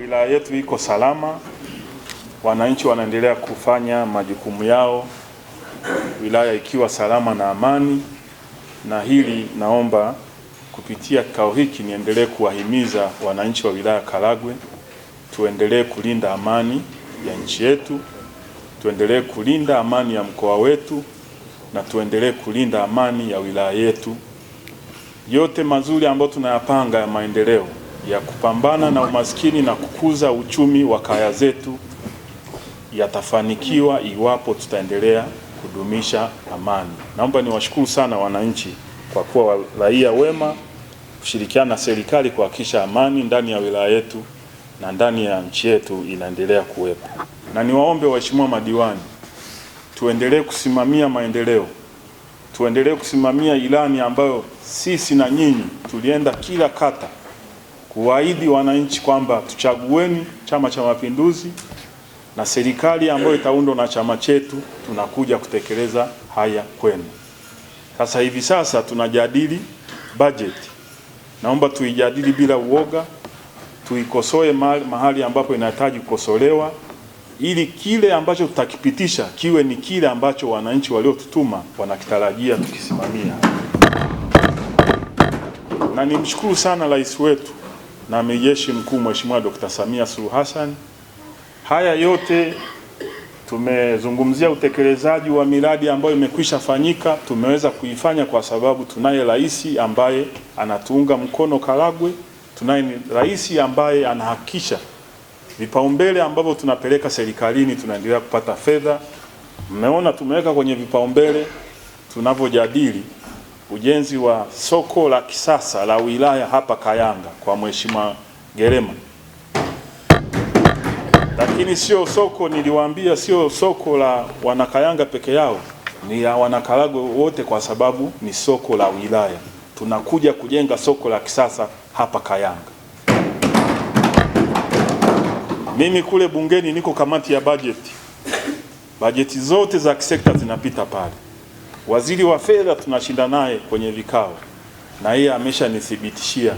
wilaya yetu iko salama, wananchi wanaendelea kufanya majukumu yao, wilaya ikiwa salama na amani. Na hili naomba kupitia kikao hiki niendelee kuwahimiza wananchi wa wilaya Karagwe, tuendelee kulinda amani ya nchi yetu, tuendelee kulinda amani ya mkoa wetu, na tuendelee kulinda amani ya wilaya yetu. Yote mazuri ambayo tunayapanga ya maendeleo ya kupambana na umaskini na kukuza uchumi wa kaya zetu yatafanikiwa iwapo tutaendelea kudumisha amani. Naomba niwashukuru sana wananchi kwa kuwa raia wema, kushirikiana na serikali kuhakikisha amani ndani ya wilaya yetu na ndani ya nchi yetu inaendelea kuwepo. Na niwaombe waheshimiwa madiwani, tuendelee kusimamia maendeleo, tuendelee kusimamia ilani ambayo sisi na nyinyi tulienda kila kata kuahidi wananchi kwamba tuchagueni Chama cha Mapinduzi na serikali ambayo itaundwa na chama chetu tunakuja kutekeleza haya kwenu. Sasa hivi sasa tunajadili bajeti, naomba tuijadili bila uoga, tuikosoe mahali ambapo inahitaji kukosolewa, ili kile ambacho tutakipitisha kiwe ni kile ambacho wananchi waliotutuma wanakitarajia tukisimamia. Na nimshukuru sana rais wetu na amiri jeshi mkuu Mheshimiwa Dr. Samia Suluhu Hassan. Haya yote tumezungumzia utekelezaji wa miradi ambayo imekwisha fanyika, tumeweza kuifanya kwa sababu tunaye rais ambaye anatuunga mkono Karagwe, tunaye rais ambaye anahakikisha vipaumbele ambavyo tunapeleka serikalini tunaendelea kupata fedha. Mmeona tumeweka kwenye vipaumbele tunavyojadili ujenzi wa soko la kisasa la wilaya hapa Kayanga kwa Mheshimiwa Gerema. Lakini sio soko, niliwaambia sio soko la wanakayanga peke yao, ni ya wanakarago wote, kwa sababu ni soko la wilaya. Tunakuja kujenga soko la kisasa hapa Kayanga. Mimi kule bungeni niko kamati ya bajeti, bajeti zote za kisekta zinapita pale. Waziri wa fedha tunashinda naye kwenye vikao, na yeye ameshanithibitishia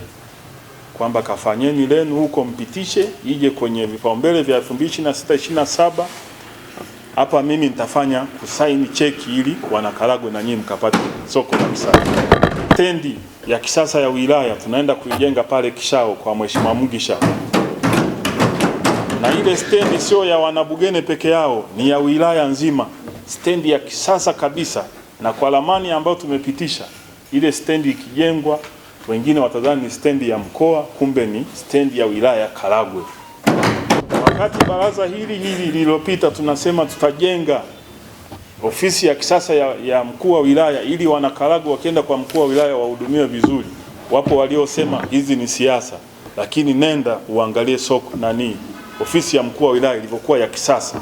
kwamba kafanyeni lenu huko, mpitishe ije kwenye vipaumbele vya 2026 27. Hapa mimi nitafanya kusaini cheki ili wanakaragwe na nyinyi mkapate soko la msaada. Stendi ya kisasa ya wilaya tunaenda kuijenga pale Kishao kwa Mheshimiwa Mugisha, na ile stendi sio ya Wanabugene peke yao, ni ya wilaya nzima, stendi ya kisasa kabisa na kwa ramani ambayo tumepitisha, ile stendi ikijengwa, wengine watadhani ni stendi ya mkoa, kumbe ni stendi ya wilaya Karagwe. Wakati baraza hili hili lililopita, tunasema tutajenga ofisi ya kisasa ya, ya mkuu wa wilaya ili wanakaragwe wakienda kwa mkuu wa wilaya wahudumiwe vizuri. Wapo waliosema hizi ni siasa, lakini nenda uangalie soko nani ofisi ya mkuu wa wilaya ilivyokuwa ya kisasa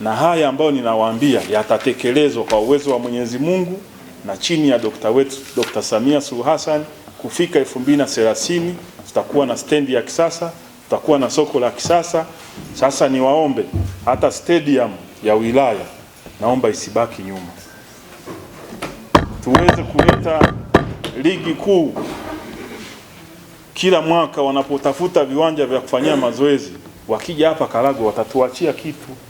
na haya ambayo ninawaambia yatatekelezwa kwa uwezo wa Mwenyezi Mungu na chini ya dokta wetu Dkt. Samia Suluhu Hassan. Kufika 2030 tutakuwa na stendi ya kisasa, tutakuwa na soko la kisasa. Sasa niwaombe hata stadium ya wilaya naomba isibaki nyuma, tuweze kuleta ligi kuu kila mwaka. Wanapotafuta viwanja vya kufanyia mazoezi, wakija hapa Karagwe watatuachia kitu.